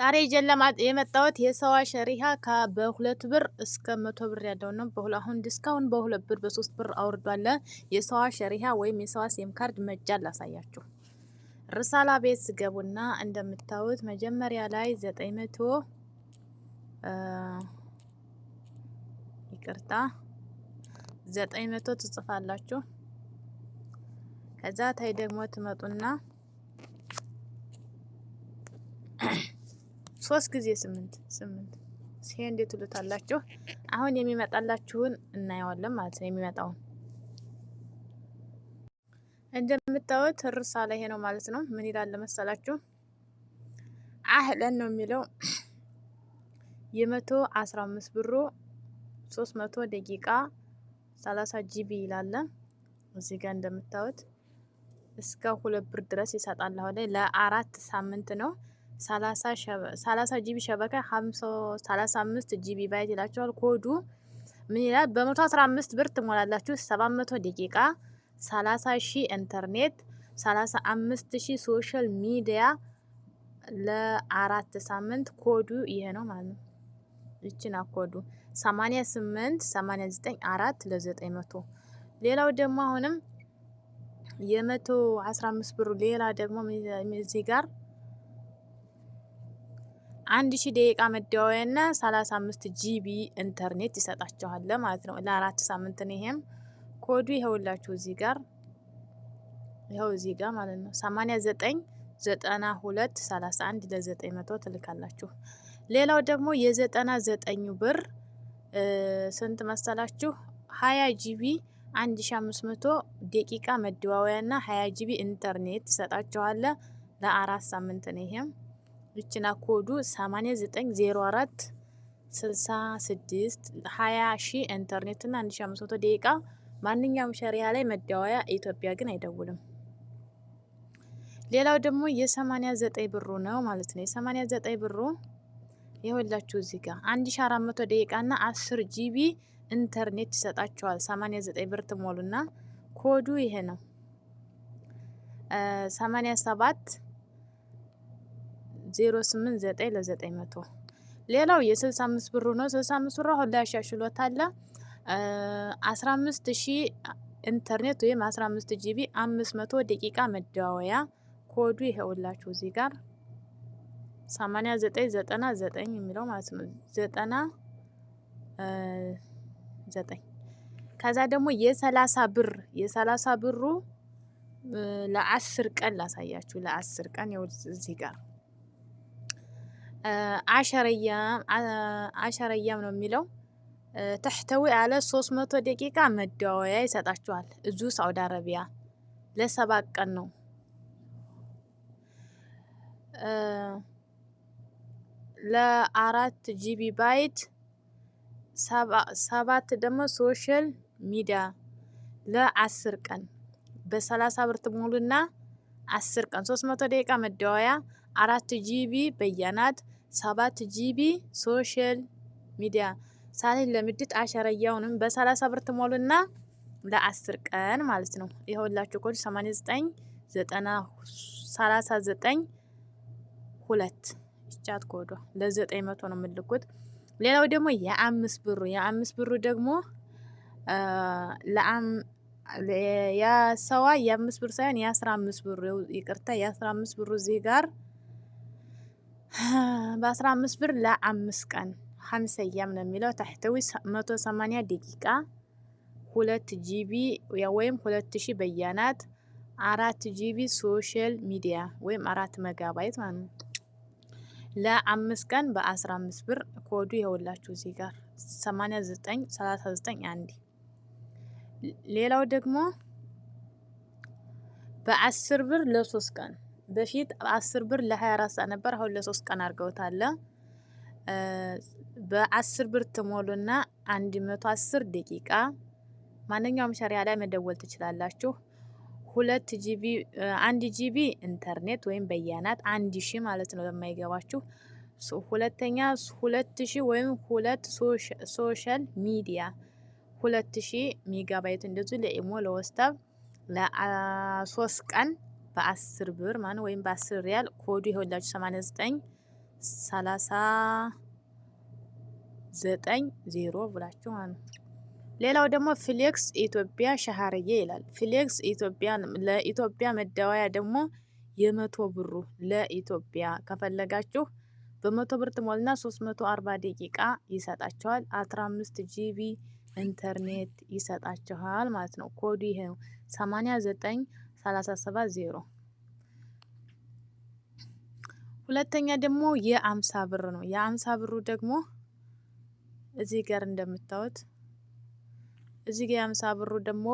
ዛሬ ጀለማ የመጣሁት የሰዋ ሸሪሃ በሁለት ብር እስከ መቶ ብር ያለው ነው። አሁን ዲስካውንት በሁለት ብር በሶስት ብር አውርዷለ። የሰዋ ሸሪሃ ወይም የሰዋ ሴም ካርድ መጃ ላሳያችሁ። ርሳላ ቤት ስገቡና እንደምታዩት መጀመሪያ ላይ ዘጠኝ መቶ ይቅርታ ዘጠኝ መቶ ትጽፋላችሁ። ከዛ ታይ ደግሞ ትመጡና ሶስት ጊዜ ስምንት ስምንት ሲሄ እንዴት ትሉታላችሁ? አሁን የሚመጣላችሁን እናየዋለን ማለት ነው። የሚመጣውን እንደምታዩት ርሳ ላይ ይሄ ነው ማለት ነው። ምን ይላል ለመሰላችሁ? አህለን ነው የሚለው የመቶ አስራ አምስት ብሩ ሶስት መቶ ደቂቃ ሰላሳ ጂቢ ይላለ እዚህ ጋር እንደምታዩት እስከ ሁለት ብር ድረስ ይሰጣል። አሁን ላይ ለአራት ሳምንት ነው። 30 ጂቢ ሸበካ 35 ጂቢ ባይት ይላቸዋል። ኮዱ ምን ይላል? በ115 ብር ትሞላላችሁ 700 ደቂቃ፣ 30 ሺህ ኢንተርኔት፣ 35 ሺህ ሶሻል ሚዲያ ለአራት ሳምንት። ኮዱ ይሄ ነው ማለት ነው። ይችን አኮዱ 88 89 4 ለ900 ሌላው ደግሞ አሁንም የመቶ 15 ብሩ ሌላ ደግሞ እዚህ ጋር አንድ ሺ ደቂቃ ና ሰላሳ አምስት ጂቢ ኢንተርኔት ይሰጣችኋል ማለት ነው ለአራት ሳምንት ነው። ይሄም ኮዱ ይኸውላችሁ እዚህ ጋር ይኸው እዚህ ጋር ማለት ነው ሰማኒያ ዘጠኝ ዘጠና ሁለት ሰላሳ አንድ ለዘጠኝ መቶ ትልካላችሁ። ሌላው ደግሞ የዘጠና ዘጠኙ ብር ስንት መሰላችሁ? ሀያ ጂቢ አንድ ሺ አምስት መቶ ደቂቃ መደዋወያ ና ሀያ ጂቢ ኢንተርኔት ይሰጣችኋል ለአራት ሳምንት ነው ይሄም ብችና ኮዱ 8904 66 20 ሺ ኢንተርኔትና 1500 ደቂቃ ማንኛውም ሸሪያ ላይ መደወያ ኢትዮጵያ ግን አይደውልም። ሌላው ደግሞ የ89 ብሩ ነው ማለት ነው። የ89 ብሩ የሁላችሁ እዚህ ጋር 1400 ደቂቃና 10 ጂቢ ኢንተርኔት ይሰጣችኋል። 89 ብር ትሞሉና ኮዱ ይሄ ነው 87 0899 ለ900 ሌላው የ65 ብሩ ነው። 65 ብሩ አሁን ላይ ያሻሽሎታል። 15000 ኢንተርኔት ወይም 15 ጂቢ 500 ደቂቃ መደዋወያ ኮዱ ይሄውላችሁ እዚህ ጋር 8999 የሚለው ማለት ነው። 99 ከዛ ደግሞ የ30 ብር የ30 ብሩ ለአስር ቀን ላሳያችሁ። ለአስር ቀን ይኸው እዚህ ጋር አሸረ እያም ነው የሚለው ተሕተዊ አለ 300 ደቂቃ መደዋወያ ይሰጣችኋል። እዙ ሳውዲ አረቢያ ለሰባት ቀን ነው። ለአራት ጂቢ ባይት ሰባት ደግሞ ሶሻል ሚዲያ ለአስር ቀን በሰላሳ ብር ትሞሉና አስር ቀን ሶስት መቶ ደቂቃ መደዋወያ አራት ጂቢ በያናት ሰባት ጂቢ ሶሻል ሚዲያ ሳልን ለምድት አሸረ እያውንም በሰላሳ ብር ትሞሉና ለአስር ቀን ማለት ነው። ይኸውላችሁ ኮድ 89 ዘጠና ሰላሳ ዘጠኝ ሁለት ይቻት ኮዶ ለዘጠኝ መቶ ነው የምልኩት። ሌላው ደግሞ የአምስት ብሩ የአምስት ብሩ ደግሞ የሰዋ የአምስት ብር ሳይሆን የአስራ አምስት ብሩ ይቅርታ፣ የአስራ አምስት ብሩ እዚህ ጋር በአስራ አምስት ብር ለአምስት ቀን ሀምሳ ያም ነው የሚለው ታሕተዊ መቶ ሰማኒያ ደቂቃ ሁለት ጂቢ ወይም ሁለት ሺ በያናት አራት ጂቢ ሶሻል ሚዲያ ወይም አራት መጋባይት ማለት ነው። ለአምስት ቀን በአስራ አምስት ብር ኮዱ የወላችሁ እዚህ ጋር ሰማኒያ ዘጠኝ ሰላሳ ዘጠኝ አንድ። ሌላው ደግሞ በአስር ብር ለሶስት ቀን በፊት አስር ብር ለ24 ሰዓት ነበር። አሁን ለሶስት ቀን አድርገውታል። በአስር ብር ትሞሉና አንድ መቶ አስር ደቂቃ ማንኛውም ሸሪያ ላይ መደወል ትችላላችሁ። ሁለት ጂቢ አንድ ጂቢ ኢንተርኔት ወይም በያናት አንድ ሺ ማለት ነው ለማይገባችሁ። ሁለተኛ ሁለት ሺ ወይም ሁለት ሶሻል ሚዲያ ሁለት ሺ ሜጋባይት እንደዚሁ ለኢሞ ለወስታብ ለሶስት ቀን በአስር ብር ማን ወይም በአስር ሪያል ኮዱ ይኸውላችሁ 89 39 ዜሮ ብላችሁ ማን ሌላው ደግሞ ፍሌክስ ኢትዮጵያ ሻሃርዬ ይላል። ፍሌክስ ኢትዮጵያ ለኢትዮጵያ መደወያ ደግሞ የመቶ ብሩ ለኢትዮጵያ ከፈለጋችሁ በመቶ ብር ትሞልና 340 ደቂቃ ይሰጣችኋል። 15 ጂቢ ኢንተርኔት ይሰጣችኋል ማለት ነው። ኮዱ ይሄ ነው 89 37 ዜሮ። ሁለተኛ ደግሞ የአምሳ ብር ነው። የአምሳ ብሩ ደግሞ እዚህ ጋር እንደምታዩት እዚህ ጋር የአምሳ ብሩ ደግሞ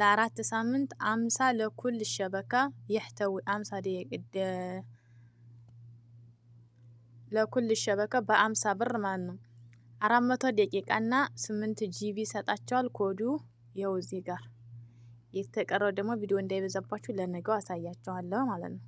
ለአራት ሳምንት አምሳ ለኩል ሸበካ የሕተዊ አምሳ ለኩል ሸበካ በአምሳ ብር ማለት ነው። አራት መቶ ደቂቃና ስምንት ጂቢ ይሰጣቸዋል። ኮዱ የው እዚህ ጋር የተቀረው ደግሞ ቪዲዮ እንዳይበዛባችሁ ለነገው አሳያችኋለሁ ማለት ነው።